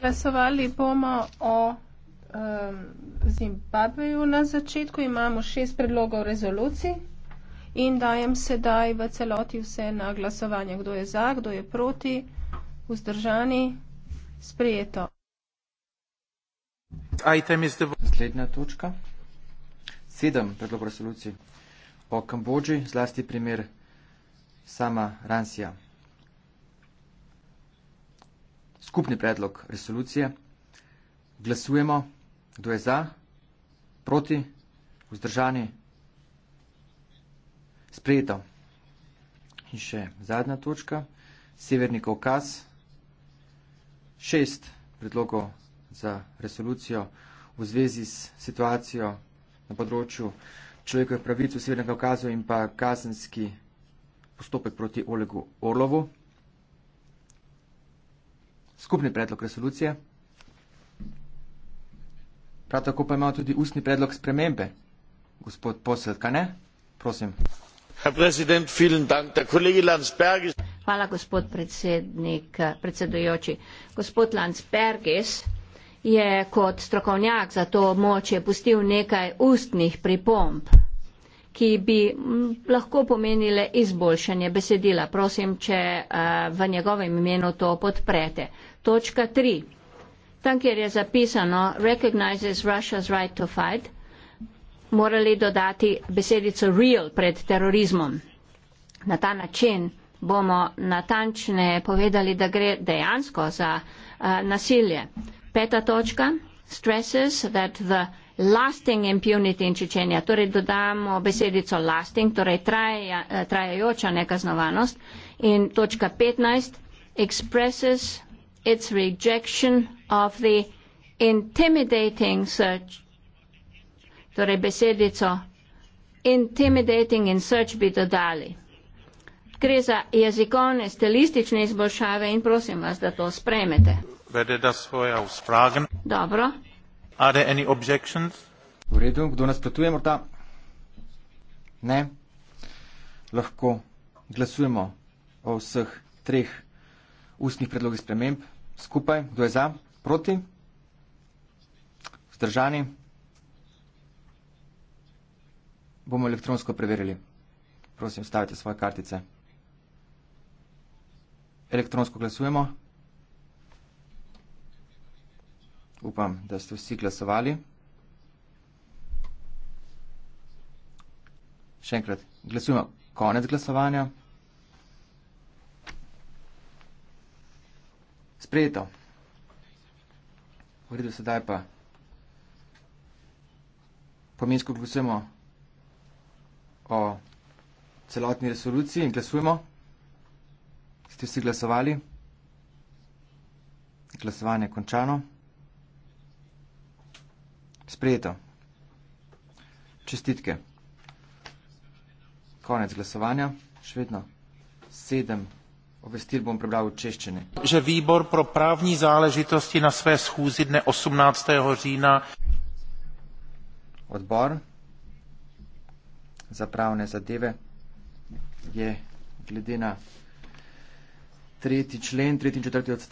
Glasovali bomo o um, Zimbabveju na začetku. Imamo šest predlogov rezolucij in dajem sedaj v celoti vse na glasovanje. Kdo je za, kdo je proti, vzdržani, sprijeto. Naslednja točka. Sedem predlogov resolucij o Kambodži, zlasti primer sama Ransija skupni predlog resolucije. Glasujemo, kdo je za, proti, vzdržani, sprejeto. In še zadnja točka, Severni Kaukaz, šest predlogov za resolucijo v zvezi s situacijo na področju človekovih pravic v Severnem Kaukazu in pa kazenski postopek proti Olegu Orlovu skupni predlog resolucije. Prav tako pa imamo tudi ustni predlog spremembe. Gospod Poselka, ne? Prosim. Hvala, gospod predsednik, predsedujoči. Gospod Landsbergis je kot strokovnjak za to območje pustil nekaj ustnih pripomb ki bi lahko pomenile izboljšanje besedila. Prosim, če eh, v njegovem imenu to podprete. Točka 3. Tam, kjer je zapisano Recognizes Russia's right to fight, morali dodati besedico real pred terorizmom. Na ta način bomo natančne povedali, da gre dejansko za uh, nasilje. Peta točka. Stresses that the lasting impunity in Čečenija, torej dodamo besedico lasting, torej traja, eh, trajajoča nekaznovanost. In točka 15 expresses its rejection of the intimidating search, torej besedico intimidating in search bi dodali. Gre za jezikovne, stilistične izboljšave in prosim vas, da to spremete. Dobro v redu kdo nasprotuje morda ne lahko glasujemo o vseh treh ustnih predlogih sprememb skupaj kdo je za proti vzdržani bomo elektronsko preverili prosim stavite svoje kartice elektronsko glasujemo Upam, da ste vsi glasovali. Še enkrat, glasujemo konec glasovanja. Sprejeto. V redu, sedaj pa pomensko glasujemo o celotni resoluciji in glasujemo. Ste vsi glasovali? Glasovanje je končano. Sprejeto. Čestitke. Konec glasovanja. Še vedno sedem. Obvestil bom prebral v češčini. Že výbor pro právní záležitosti na své schůzi dne 18. října. Odbor za pravne zadeve je glede na tretji člen, tretji in četrti odstavek.